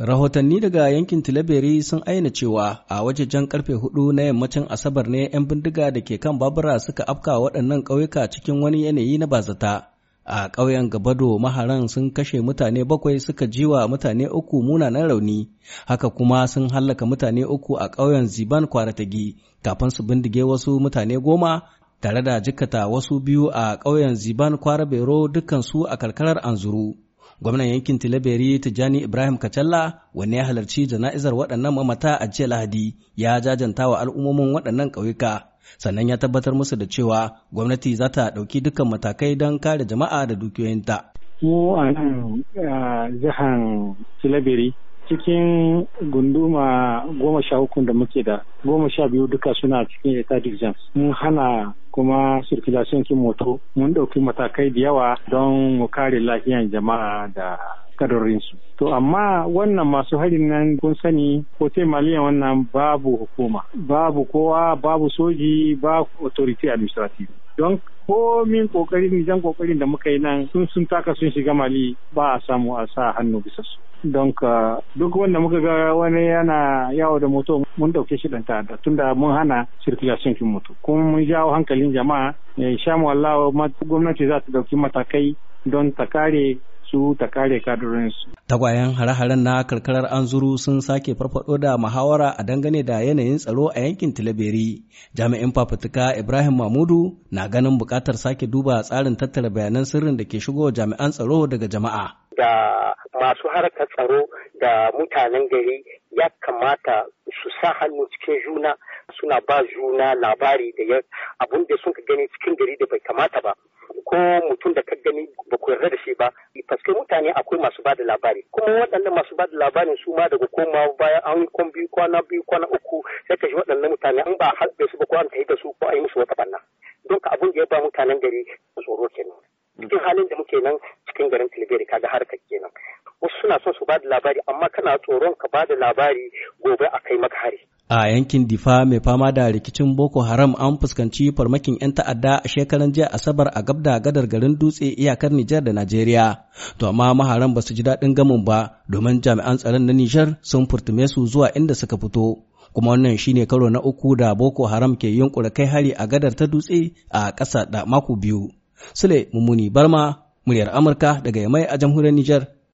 Rahotanni daga yankin Tilaberi sun aina cewa a wajejen karfe hudu na yammacin Asabar ne 'yan bindiga da ke kan babura suka afka waɗannan ƙauyuka cikin wani yanayi na bazata. A ƙauyen Gabado maharan sun kashe mutane bakwai suka jiwa mutane uku munanan rauni, haka kuma sun hallaka mutane uku a ƙauyen Ziban Kwaratagi kafin su bindige wasu mutane goma tare da jikata wasu biyu a ƙauyen Ziban Kwarabero dukansu a karkarar Anzuru. Gwamnan yankin Tilaberi Tijjani Ibrahim Kacalla wanne ya halarci jana'izar waɗannan mamata a jiya Lahadi ya jajanta wa al'ummomin waɗannan ƙauyuka. Sannan ya tabbatar musu da cewa gwamnati za ta ɗauki dukkan matakai don kare jama'a da dukiyoyinta. Mu a nan jihar Tilaberi cikin gunduma goma sha hukun da muke da goma sha biyu duka suna cikin ecadic jams mun hana kuma circulation kin moto mun ɗauki matakai da yawa don mu kare lafiyan jama'a da su. To amma wannan masu harin nan kun sani hotel maliyan wannan babu hukuma, babu kowa, babu soji, babu authority administrative. Don komin kokarin jan kokarin da muka yi nan sun sun taka sun shiga mali ba a samu a sa hannu bisa su. Don ka duk wanda muka ga wani yana yawo da moto mun dauke shi dan ta'adda tunda mun hana circulation kin moto kuma mun jawo hankalin jama'a eh, sha mu Allah gwamnati za ta dauki matakai don ta kare su ta kare kadurinsu. Tagwayen hare-haren na karkarar anzuru sun sake farfado da muhawara a dangane da yanayin tsaro a yankin Tilaberi. Jami'in fafutuka Ibrahim Mahmudu na ganin bukatar sake duba tsarin tattara bayanan sirrin da ke shigo jami'an tsaro daga jama'a. Da masu harkar tsaro da mutanen gari ya kamata su sa hannu cikin juna suna ba juna labari da abun da sun gani cikin gari da bai kamata ba. ko mutum da ka gani ba ku yarda da shi ba paske mutane akwai masu bada labari kuma waɗannan masu bada labarin su ma daga koma baya an yi kwan biyu kwana biyu kwana uku sai ka shi waɗannan mutane an ba haɗe su ba ko an tafi da su ko an yi musu wata banna don ka abun da ya ba mutanen gari tsoro kenan cikin halin da muke nan cikin garin ka kaga harka kenan wasu suna son su ba da labari amma kana tsoron ka ba da labari gobe a kai maka hari A yankin Difa mai fama da rikicin Boko Haram an fuskanci farmakin 'yan ta'adda a shekaran jiya Asabar a gabda gadar garin dutse iyakar Nijar da Najeriya. To amma maharan ba su ji daɗin gamin ba domin jami'an tsaron na Nijar sun furtume su zuwa inda suka fito. Kuma wannan shine karo na uku da Boko Haram ke yunkura kai hari a gadar ta dutse a ƙasa da mako biyu. Sule Mumuni Barma, muryar Amurka daga Yamai a jamhuriyar Nijar.